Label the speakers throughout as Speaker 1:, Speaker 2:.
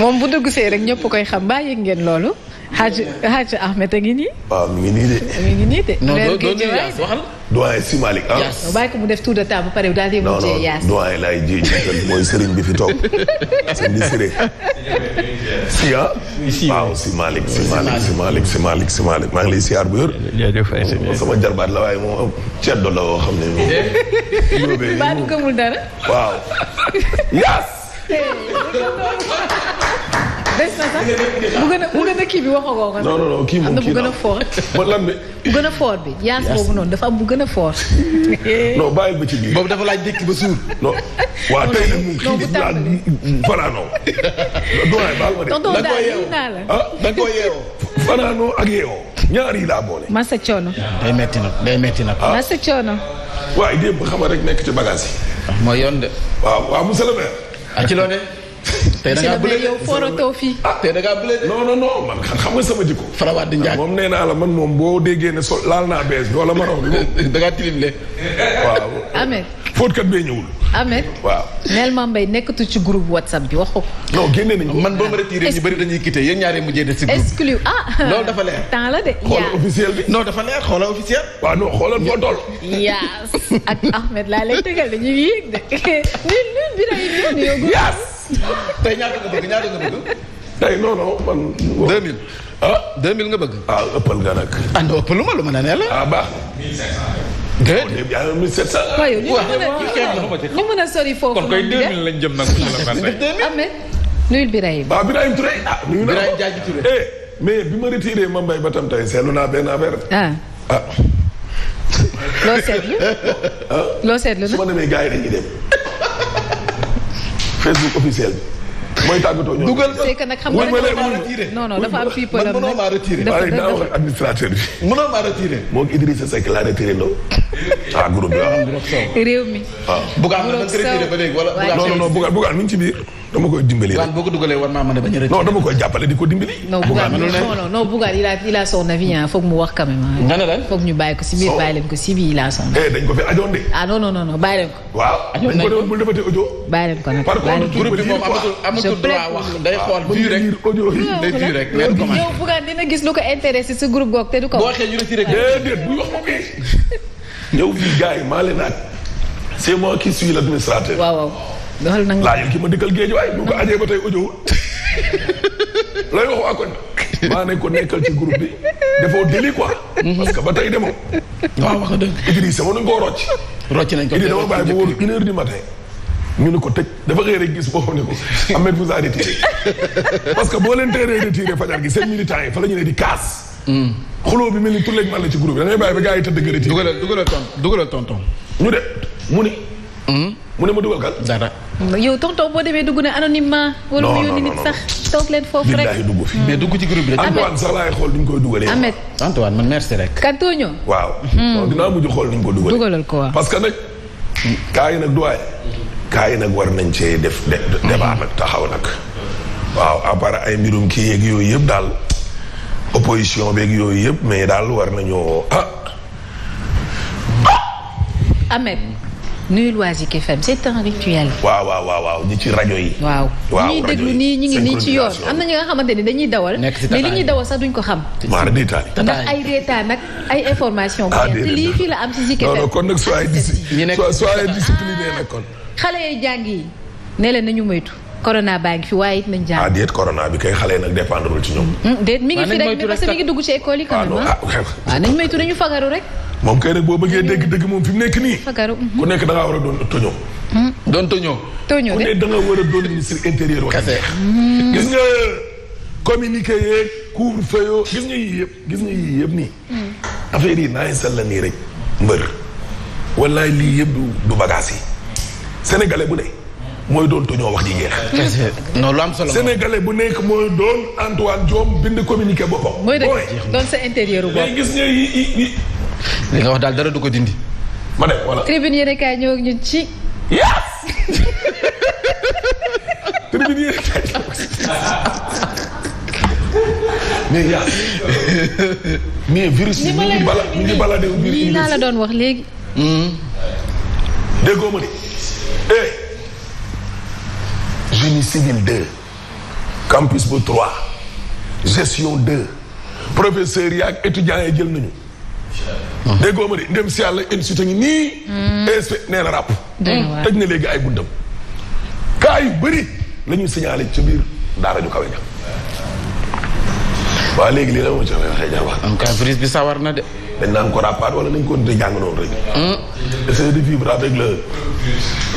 Speaker 1: moom bu dugg see rek ñëpp koy xam baa yëg ngeen loolu. Hadj Hadj a ngi nii.
Speaker 2: waaw mi ngi nii de.
Speaker 1: mi ngi nii de. non doo doo
Speaker 2: nuyu Si Malick ah. Yaas
Speaker 1: bàyyi ko mu def daal di mujjee Yaas.
Speaker 2: non non bi fi toog. sëriñ bi Siré. si ah. waaw Si maa ngi lay siyaar bu yor. jërëjëf ayca sama jarbaat la waaye moom ceddo la woo xam ne waaw
Speaker 1: des na sax bu gën a bu gën a kii bi waxagoo ko. non non
Speaker 2: non kii moom kii bu gën a fort. ba lan bi
Speaker 1: bu gën a fort bi. yaas boobu noonu dafa am bu gën a fort.
Speaker 2: non bàyyi ba ci biir. boobu dafa laaj dëkk ba suur. non waa tey nag moom kii bi bu laa fanaanoo. doyen baal ma de. tonton daal yéen naa la ah da nga koy yeewoo. fanaanoo ak yeewoo ñaar yi laa boole.
Speaker 1: masa coono.
Speaker 2: day metti nag day metti nag. Ah. masa coono. waaye démb xam rek nekk ci bagage yi. Ah, mooy yoon de. waaw waaw monsieur le maire. ah ci loonee. tey da ngaa bële yow fooratoo fii. ah tey da ngaa bële non man xam nga sama jikko. farawaat di njaag moom nee la man moom boo déggee ne so laal naa bees bi wala maraw bi moom. da ngaa tilimle. waaw. Ahmed. fóotkat bee ñëwul. Ahmed. waaw.
Speaker 1: Neel Mbaye nekkatu ci groupe whatsapp bi wax ko.
Speaker 2: non génne nañu man boo ma retiré ñu bëri dañuy quitté yéen ñaaree mujjee des ci groupe.
Speaker 1: exclu ah. loolu dafa leer. temps la de yaa xoolal
Speaker 2: officiel bi. non dafa leer xoolal officiel.
Speaker 1: biray yow. yaas.
Speaker 2: tey ñaata nga bëgg ñaata nga bëgg. tey non non man. 2000. ah 2000 nga bëgg. ah ëppal nga nag. ah non ëppal lu ma lu ma nee la. ah baax. 1500. déedéet yaa ngi 1700. waaw ñu
Speaker 1: mën a sori foofu. kon koy 2000
Speaker 2: lañ jëm nag monsieur le
Speaker 1: maire. Ahmed nuyul Birahim. ah Birahim Touré
Speaker 2: ah. nuyu naa Birahim Diadji Touré. Eh, mais bi ma retiré ma mbay ba tam tey seetlu naa benn affaire.
Speaker 1: ah ah. loo
Speaker 2: seetlu. Ah. loo seetlu nag su ma demee gars yi dañuy dem. Facebook officiel bi mooy tàggatoo ñoom. dugal c'est que nag xam nga
Speaker 1: non non dafa am fii problème man mënoo maa retiré. dafa dëgg wax ak
Speaker 2: administrateur bi. mënoo maa retiré. moo ngi Idrissa Seck laa retiré ndaw. ah groupe bi waaw. Ah. réew mi. waaw Bougane la retiré ba léegi wala. non non Bougane Bougane mi ngi ci biir. dama koy dimbali rek a bañ dama koy jàppale di ko dimbali. non
Speaker 1: Bougane a il a son avis foog mu wax quand même. nga ne lan foog ko si biir bàyyi leen ko a son.
Speaker 2: Eh, dañ ko xool vue
Speaker 1: ah,
Speaker 2: rek audio yi day
Speaker 1: dina gis lu ko intéressé si groupe goog te du ko wax. boo waxee
Speaker 2: ñu retiré déedéet bu wax ko kii. ñëw fii gars yi maa leen naan c'est moi qui suis l'administrateur. waaw waaw doxal na nga laajal ki ma dikkal géej waay bu ko ajee ba tey audio looy wax waa koñ maa ne ko nekkal ci groupe bi defoo déli quoi. Mhm. parce que ba tey demoo. waaw wax dëgg. Idrissa sama nañ koo nañ ko Idrissa ba wóor une heure ñu ne ko tëj dafa xëy rek gis boo ne ko Ahmed vous a retiré parce boo leen teeree retiré fajar gi seen militant fa la ñu ne di kaas. Mm. xuloo bi mel ni pour lañ mën la ci groupe bi dañuy bàyyi ba gars yi tëdd nga retiré. dugalal dugalal tonton dugalal tonton. ñu de mu ni. Hmm? mu ne ma dugal kan. dara.
Speaker 1: yow tonton boo demee dugg na anonymement. wala mu yónni nit sax toog leen foofu rek. billahi
Speaker 2: dugg fi hmm. mais dugg ci groupe bi la. Antoine sax laay xool duñ koy dugalee. Ahmed Antoine man merci rek.
Speaker 1: waaw.
Speaker 2: non hmm. dinaa mujj xool ni ñu ko dugalee. dugalal ko waaw parce que nag. kaa yi nag doyen. kaa yi nag war nañ cee def débat nag taxaw nag. waaw à ay mbirum kii yeeg yooyu yëpp daal opposition beeg yooyu yëpp mais daal war nañoo ah.
Speaker 1: nuyul waa Zik FM c'est un rituel.
Speaker 2: waaw waaw waaw ñi ci rajo yi. waaw rajo yi ñuy nii ñu ngi nii ci yoon.
Speaker 1: am na ñi nga xamante ni dañuy dawal. mais li ñuy dawal sax duñ ko xam.
Speaker 2: maanaam déetaan yi ndax
Speaker 1: ay reetaan nag ay information ah te lii fii la am si Zik FM. non non
Speaker 2: kon nag soyez discipliné. ñu nekk soyez ah. discipliné nag kon.
Speaker 1: xale yi jàng yi ne leen ñu moytu. corona baa ngi fi waaye nañ
Speaker 2: jàng. ah déet corona bi kay xale nag dépendre ci ñoom.
Speaker 1: Hmm, déet mi ngi fi rek mais parce que mi ngi ah, ah. Ah, fagaru rek.
Speaker 2: moom kay rek boo bëggee dégg dëgg moom fi nekk nii.
Speaker 1: fagaru hmm. ku nekk
Speaker 2: da war a doon toño. Hmm. doon toño. toño de ku da nga war a doon ministre intérieur wax. kese gis nga yii yëpp gis nga yii yëpp nii. affaire naa sal la nii rek. mbër wallaay lii yëpp du du yi sénégalais bu ne. mooy doon te ñoo wax ji jeex. non lu am solo sénégalais bu nekk mooy doon Antoine Diome bind communiqué boppam. mooy dëgg
Speaker 1: doon sa intérieur bopp mais gis
Speaker 2: nga yi li nga wax daal dara du ko dindi. ma ne voilà. tribune
Speaker 1: yéen a kaay ñëw ak ñun ci.
Speaker 2: yes. tribune yéen a kaay mais yaa mais virus bi mi ngi bala mi ngi bala de. lii laa la
Speaker 1: doon wax léegi.
Speaker 2: Hmm. déggoo ma de eh. génie civil 2 campus bu 3 gestion 2 professeurs yi ak étudiants yi jël nañu. déggoo ma de ndem si yàlla institut nii. Hmm. ESP nee na ràpp. tëj na léegi ay buntam. cas yu bëri la ñuy ci biir daara ñu kawe ja. waaw léegi lii la ma jox la bi sawar na de. dañ naan ko rapport wala nañ ko continuer jàng noonu rek. Hmm. essayer de vivre avec le.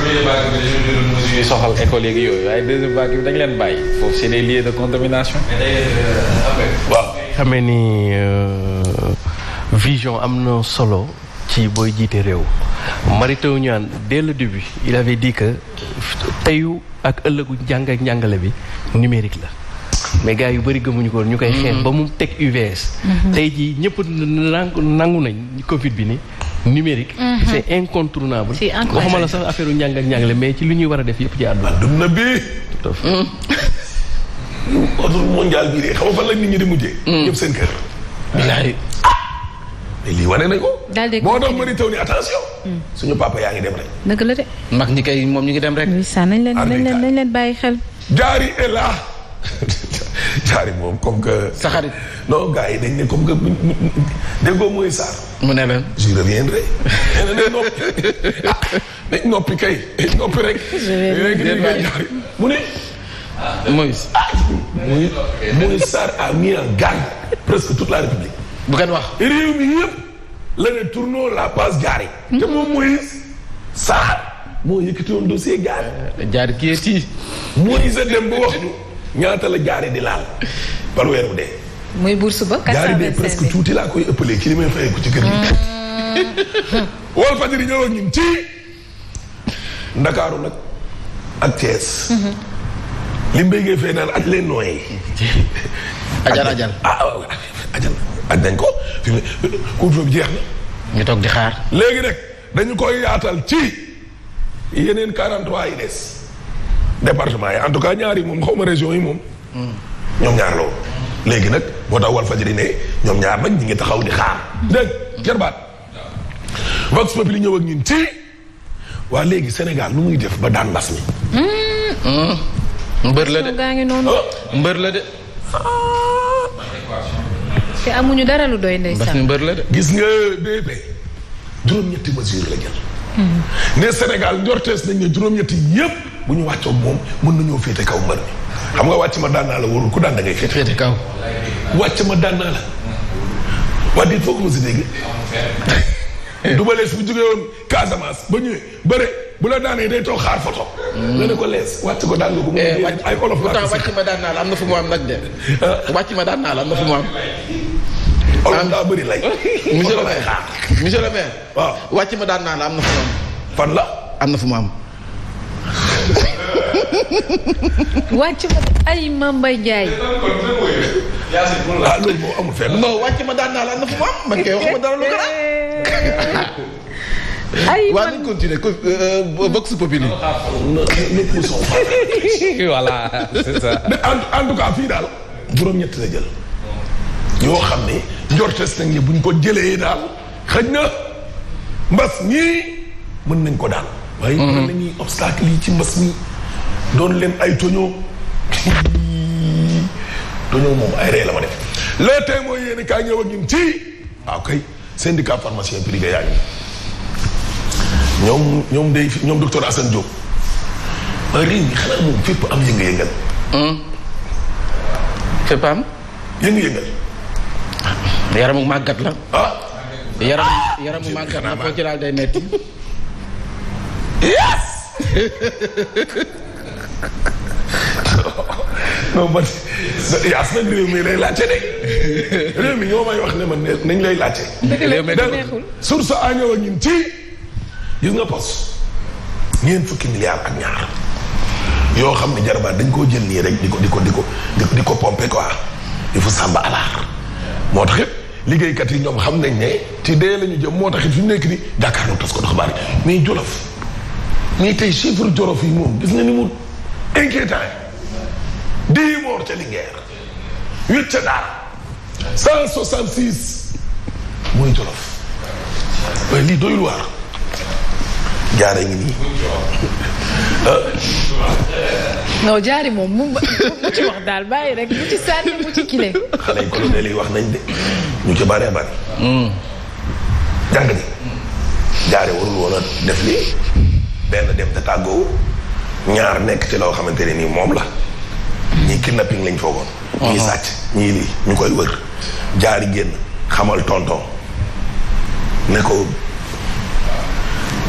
Speaker 2: premier vague bi dañoo jëloon mesure yi soxal école yeeg yooyu waaye dañ leen bàyyi foofu c'est des lieux de contamination. Euh, waaw. xamee ni euh, vision am na solo ci booy jiitee réew. Mary Teuw Niane dès le il avait dit que euh, teyu ak ëllëgu njàng ak njàngale bi numérique la. mais yu bëri gëmuñu ko ñu koy xeex mhm. ba mu teg UVS. Mhm. tey jii ñëpp nangu nañ Covid bi ni numérique. Mhm. c' est incontournable. si waxuma la sax affaire njàng njàngale mais ci li ñuy war a def yëpp ci àdduna. àdduna bi. ordre mondial bi de xam nga fan la de moo tax ma ni taw ni attention. suñu papa yaa ngi dem rek. dëgg la de. mag ñi kay moom ñu ngi dem rek. nañ leen nañ
Speaker 1: leen nañ leen bàyyi xel.
Speaker 2: jaari et Saari moom comme que. sa xarit non gars yi dañ ne comme Saar. mu ne leen. je reviendrai. dañ ah, noppi kay dañ noppi rek. mu ne. Moïse. Ah, Moïse a mis en garde presque toute la République. bu kenn wax. réew mi yëpp la ne tournons la passe garée. te moom Moïse Sarr moo yëkkati woon dossier garé. jaar kii Moïse a dem ba wax ñaata la jaare di laal par weer bu dee.
Speaker 1: muy bourse ba. jaare dee presque
Speaker 2: tuuti laa koy ëppalee ci li may fayeeku ci kër gi.
Speaker 1: Mm.
Speaker 2: wal fajiri ñëwoon ñun ci. ndakaaru nag ak Thiès. Mm-hmm. li mbéygee fee ajal ajal ah waaw ah, ah, ajal aj nañ ko fi mu couvre-feu bi jeex na. ñu toog di xaar. léegi rek dañu koy yaatal ci yeneen 43 yi des. département yi en cas ñaar moom xaw ma région yi moom. ñoom ñaar loolu. léegi nag boo tax wal fajri ne ñoom ñaar nag ñi ngi taxaw di xaar. dégg jarbaat. Vox Populi ñëw ak ñun ci. waa léegi Sénégal nu muy def ba daan mbas mi.
Speaker 1: Hmm, hmm.
Speaker 2: mbër la de oh. mbër la de.
Speaker 1: te amuñu dara lu doy ndey sax mbër
Speaker 2: la de. gis nga BP juróom-ñetti mesure la jël. Hmm. ne Sénégal njortees nañ ne juróom-ñetti yépp bu ñu wàccoog moom mën nañoo féete kaw mbër mi xam nga wàcc ma daan naa la warul ku daan da ngay féete kaw wàcc ma daan foo ko ma si dégg Double Less bu jógee woon Casamance ba ñu bëre bu la daanee day toog xaar photo hmm. nga ne ko lees wàcc ko daan nga ko eh, ay olof laa ko wàcc naa la am na fu mu am nag de ah. wàcc ma daan la am na fu am olof daa bëri lay monsieur wàcc ma daan naa la am na fu mu am fan la am na fu mu am
Speaker 1: wàcc ma ay
Speaker 2: Mamba Ndiaye. ah loolu moom amul fenn. non wàcc ma daan naa la am na fu mu am man kay waxuma dara lu gën ay man waaw nañu continuer euh, Vox Populi. voilà c'est ça. mais en en tout cas fii daal juróom-ñett la jël. yoo xam ne njortes nañ ne buñ ko jëlee daal xëj na mbas mii mën nañ ko daal. waaye mën mhm. nañuy obstacle yi ci mbas mi doon leen ay toñoo toñoo moom ay ree la ma def le tey mooy kaa ñëw ak ñun ci waaw kay syndicat pharmacien privé yaa ngi ñoom ñoom day ñoom docteur Assane Diop ba réew moom fépp am yënga-yëngal hmm. fépp am yënga-yëngal yaramu màggat la ah yaram ah. yaramu màggat la foo ci laal day non man yaas nag réew mi lay laajte de réew mi ñoo wax ne man nañ lay laajte. dëgg source a ñëw ak ñun ci gis nga pos ñeent fukki milliards ak ñaar yoo xam ne jarabaat dañ koo jël nii rek di ko di ko di ko di ko pomper quoi il faut sàmba alaar moo tax it liggéeykat yi ñoom xam nañ ne ti dee la jëm moo tax it fi mu nekk nii jàkkaarloo tas ko dox baari mais Jolof. mais tey chiffre jorof yi moom gis nga ni mu inquiétant yi dix morts ca Linguère huit ca Daara cent soixante six mooy jorof waaye lii doyul waar jaare ngi nii
Speaker 1: non jaari moom mu ci wax daal bàyyi rek mu ci sànni mu ci kile
Speaker 2: xale yi colonel yi wax nañ de ñu ci bare bare hmm. jàng ni jaare warul woon a def lii benn dem te tàggoowu ñaar nekk ci loo xamante ne nii moom la ñii kidnapping lañ foogoon uh-huh. ñii sàcc ñii lii ñu koy wër jaari génn xamal tonton ne ko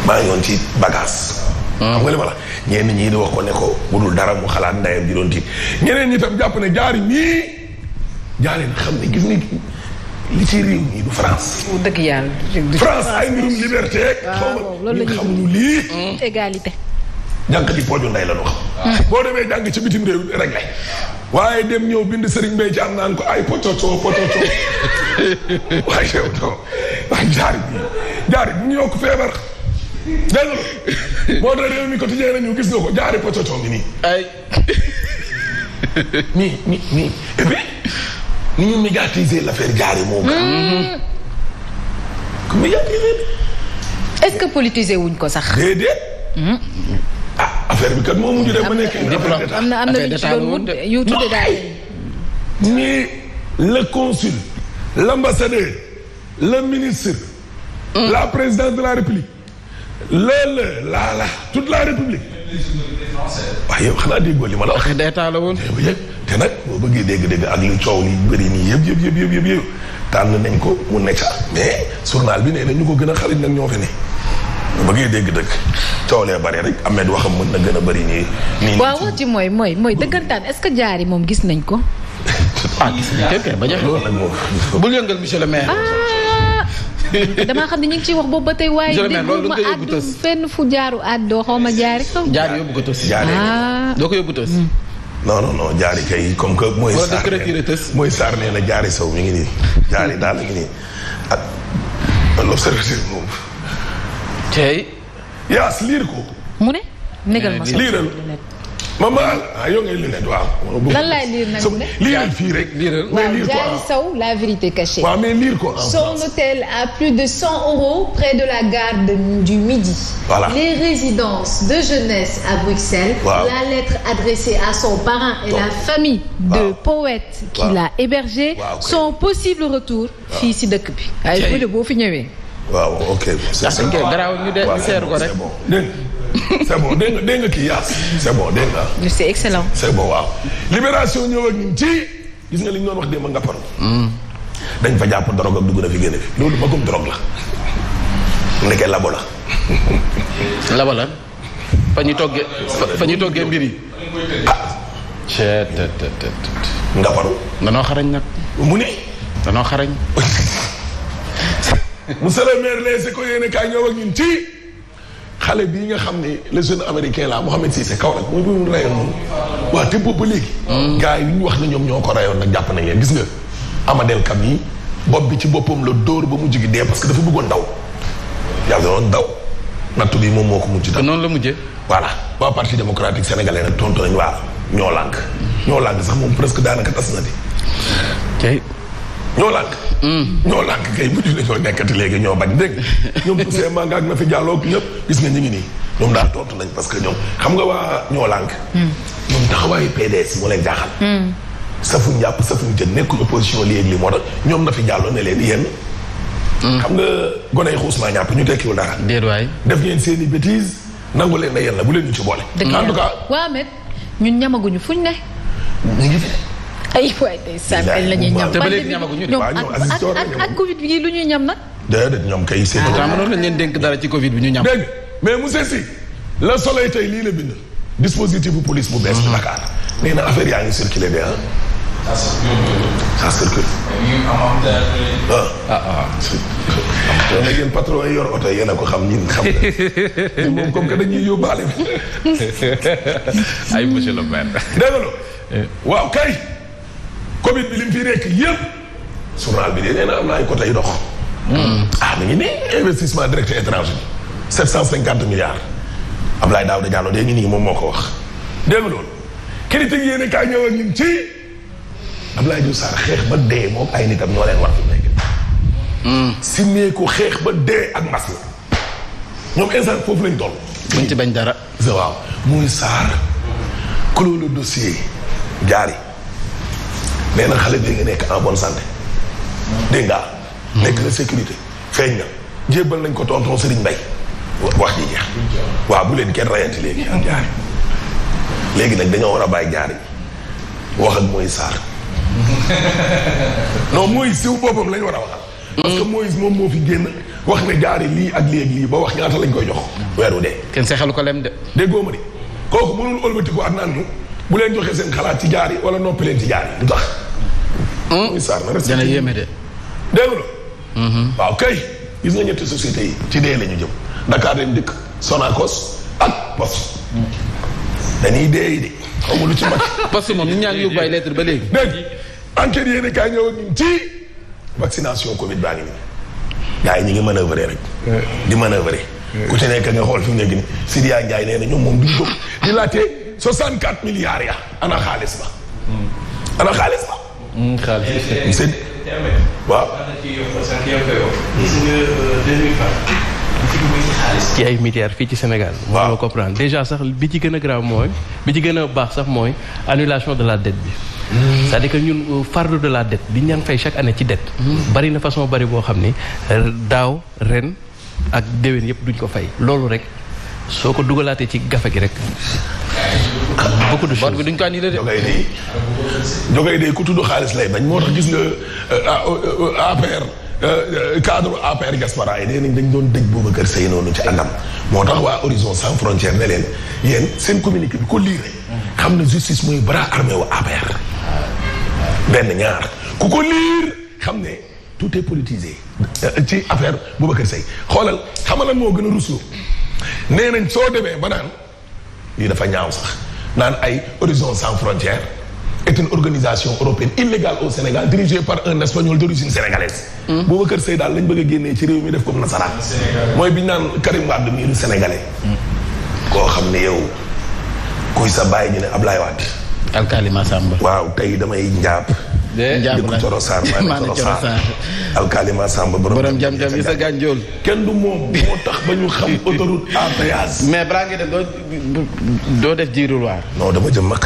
Speaker 2: maa ngi woon ci bagage uh-huh. xam nga li ma la ñenn ñii di wax ko ne ko budul dara mu xalaat ndayam ji doon tiit ñeneen ñi tam jàpp ne jaari nii jaari na xam ne gis ni li ci réew mi du France.
Speaker 1: dëgg yàlla France ay mbirum liberté. waaw loolu la lii. Mm. égalité.
Speaker 2: jànk di pooju ndey la ñu xam. Mm. boo demee jànk ci bitim réew rek la. waaye dem ñëw bind Serigne Mbaye ci am naan ko ay pototo pototo waaye yow waaye jaari bi jaari bi ñu yokk feebar. dégg nga moo tax réew mi quotidien nañu gis nga ko jaari pototo bi nii. ay. nii nii nii et ni ñu médiatiser l'affaire Diary moo gën. Mm-hmm. ku médiatiser.
Speaker 1: est-ce que politiser wuñ ko sax. déedéet.
Speaker 2: Mm-hmm. Ah, affaire bi kat moom mujj dem ba nekk. am na am na lu ci doon wut
Speaker 1: yu tudde daal
Speaker 2: mais mm. la présidente de la république. le le la la toute la république. waaye yow xanaa déggoo li ma la wax. te nag boo bëggee dégg-dégg ak li coow li bëri nii yëpp yëpp tànn nañ ko mu ne ca mais journal bi nee na ñu ko gën a xarit nag ñoo fi ne. ba ngay dégg dëgg coow lee bare rek Ahmed waxam a bëri nii. nii waaw
Speaker 1: wax ci mooy mooy mooy est-ce que jaar yi moom gis nañ ko.
Speaker 2: ah gis nañ ko ba joxe bul yëngal monsieur le maire.
Speaker 1: Ah, damaa xam ne ñu ngi wax boobu ba tey waaye. déglu ma àddu fenn fu jaaru àddoo xaw ma jaari. jaar
Speaker 2: yóbbu ko tës. jaaree ah. doo ko yóbbu tës. Mm. non non non jaari kay comme que. mooy saar mooy saar nee na jaari sow mi ngi nii jaari daal mi ngi nii ak ah, l'observateur moom. tey. yaas liir ko.
Speaker 1: mu ne. négal ma liiral.
Speaker 2: mama ah yow ngay lunette waaw. lire nag de.
Speaker 1: la vérité cachée. waaw mais son ah, hôtel à plus de cent euros près de la gare de, du Midi. les résidences de jeunesse à Bruxelles. Wow. la lettre adressée à son parrain et la famille. de poètes qui l'a hébergé. son possible retour. fii si dëkk bi. ay boo fi ñëwee.
Speaker 2: waaw ok. c'est ça garaaw ñu de seer ko rek. c'est bon dégg nga dégg nga se yaas c'est bon dégg
Speaker 1: nga. c'est excellent.
Speaker 2: c'est waaw. libération ñëw ak ñun ci gis nga li ñu doon wax démb nga paru. Hmm. dañ fa jàpp drogue ak dugg na fi génne fi loolu magum drogue la. nekkee labo la. labo la fa ñu toggee fa ñu toggee mbir yi. Ah. nga paru. danoo xarañ nag. mu ne. danoo xarañ. monsieur le maire les écoles yéen a kaay ñëw ak ñun ci. xale bii nga xam ne le jeune américain la Mohamed Cissé kaw nag mooy bu mu rayoon moom waaw te boobu ba léegi hmm. gars yi ñu wax ne ñoom ñoo ko rayoon nag jàpp nañ leen gis nga Amadel Kam yi bopp bi ci boppam la dóor ba mu jigi dee parce que dafa bëggoon daw yàlla doon daw nattu bi moom moo ko mujj daw noonu la mujjee voilà waa parti démocratique sénégalais nag tontu nañ waa ñoo lànk ñoo lànk sax moom presque daanaka tas na di ñoo lànk hmm. ñoo lànk kay mujj la ñoo nekkati léegi ñoo bañ dégg ñoom Toussaint Manga ak na fi jàlloo ñëpp gis nga ñu ngi nii ñoom daal tontu nañ parce que ñoom xam nga waa ñoo lànk hmm. ñoom taxawaayu PDS moo leen jaaxal hmm. safuñ jàpp safuñ jën nekkuñ position li yéeg li moo tax ñoom na fi jàlloo ne leen yéen xam nga gone yi xuus naa ñàpp ñu tekkiwul dara déet waay def ngeen seen i bêtise nangu leen na yéen bu leen ñu ci boole en tout cas
Speaker 1: waa met ñun ñamaguñu fuñ ne ñu ngi fi ay waay tey sànq la ñuy ñam. te ba léegi ñamaguñu de ak ak Covid bi lu ñuy ñam nag.
Speaker 2: déedéet ñoom kay seen. ah mënoon nañ leen dénk dara ci Covid bi ñu ñam. dégg mais monsieur Sy le soleil tey lii la bind dispositif bu police bu bees bi mhm. Dakar nee na affaire yaa ngi circulé de ah. ça circule. ah ah. ah. léegi yéen patron yi yor oto yéen a ko xam ñun xam nga moom comme que dañuy yóbbaale. ay monsieur le maire. dégg nga eh. waaw kay. Covid bi li mu fi nekk yëpp journal bi de nee na am na ay côté yu dox. Hmm. ah mi ngi nii investissement direct étranger bi 750 milliards Abdoulaye Daouda Diallo de ngi nii moom moo ko wax. dégg nga loolu critique yéen a kaay xeex ba moom ay nitam ñoo leen war fi hmm. xeex ba dee ak mas la ñoom ci bañ dara. waaw muy Sarr clos dossier jaari. nee na xale bi nga nekk en bonne santé. dégg nga nekk na sécurité feeñ na jébbal lañ ko tonton Serigne Mbaye wax ji jeex. waaw bu leen kenn rayante léegi ak jaari nag dañoo war a bàyyi jaari wax ak mooy Sarr. non mooy siw boppam lañ war a waxal. parce que mm. Moïse moom moo fi génn wax ne jaari lii ak lii ak lii ba wax ñaata lañ koy jox. weeru de kenn seexalu ko lem de. déggoo ma de kooku mënul ëlbatiku ak na ñu bu leen joxee seen xalaat ci jaari wala noppi leen ci jaari du tax. Sarr hmm? na dana yéeme de. dégg nga. Mhm. waaw kay gis nga ñetti sociétés yi ci dee la ñu jëm Dakar dem dikk Sonacos ak Poste. dañuy dee yi de xaw lu ci mag. Poste moom ñu ñaa yu yóbbu ay lettre ba léegi. dégg enquête yéen a kaay ñëw ak ñun ci vaccination Covid baa ngi nii. gars yi ñu ngi manœuvrer rek. di manœuvrer. ku ci nekk nga xool fi mu nekk nii Sidiya Ndiaye nee na ñoom moom du ñu jóg di laajte 64 milliards ya ana xaalis ba. Mm. ana xaalis ba. xaalis bi seen. ci ay milliards fii ci Sénégal. waaw moo comprendre déjà sax bi ci gën a grave mooy bi ci gën a baax sax mooy annulation de la dette bi. c'est-à-dire ñun fardeau de la dette bi ñu daan fay chaque année ci dette. bari na façon bari boo xam ni daaw ren ak déwén yëpp duñ ko fay. loolu rek soo ko dugalaatee ci gafe gi rek. beaucoup de choses bi duñ ko annulé de. Jogay day Jogay ku tudd xaalis lay bañ moo tax gis nga euh, APR ah, euh, euh, cadre APR diaspora yi nee nañ dañ doon dëj Boubacar Seye noonu ci anam moo tax waa Horizon sans frontière ne leen yéen seen communiqué bi ko liire xam na justice mooy bras armé wu APR. benn ñaar ku ko liir xam ne tout est politisé ci affaire Boubacar Seye xoolal xamal lan moo gën a nee nañ soo demee ba lii dafa ñaaw sax. naan ay Horizon sans frontières est une organisation européenne illégale au Sénégal dirigée par un espagnol d'origine sénégalaise. Hmm. Boubacar Seye daal lañ bëgg a génnee ci réew mi def comme nasaraan. mooy bi ñu naan Karim Wade mii sénégalais. Hmm. koo xam ne yow kuy sa bàyyi ñu ne Ablaye Wade. alkaali Massamba. waaw tey damay njaab. de Coro Sarr maa ne Coro Sarr alkalima Samba borom jam yi sa gànjool kenn du moom moo tax ba ñu xam autoroute à péage mais balaa ngi def doo doo jiirul waar non dama jëm mag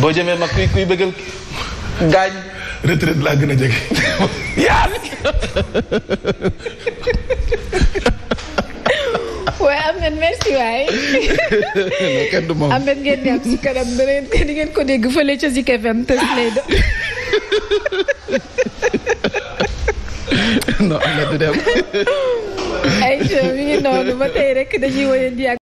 Speaker 2: boo jëmee mag kuy kuy bëggal gaañ retraite laa gën a jege yaas
Speaker 1: waaye Ameth merci waay.
Speaker 2: kenn du moom Ameth
Speaker 1: ngeen yàgg si kanam beneen di ngeen ko dégg fële ca Zik FM tës lay dem. ay mi ngi noonu ba tey rek dañuy wëyandi ak.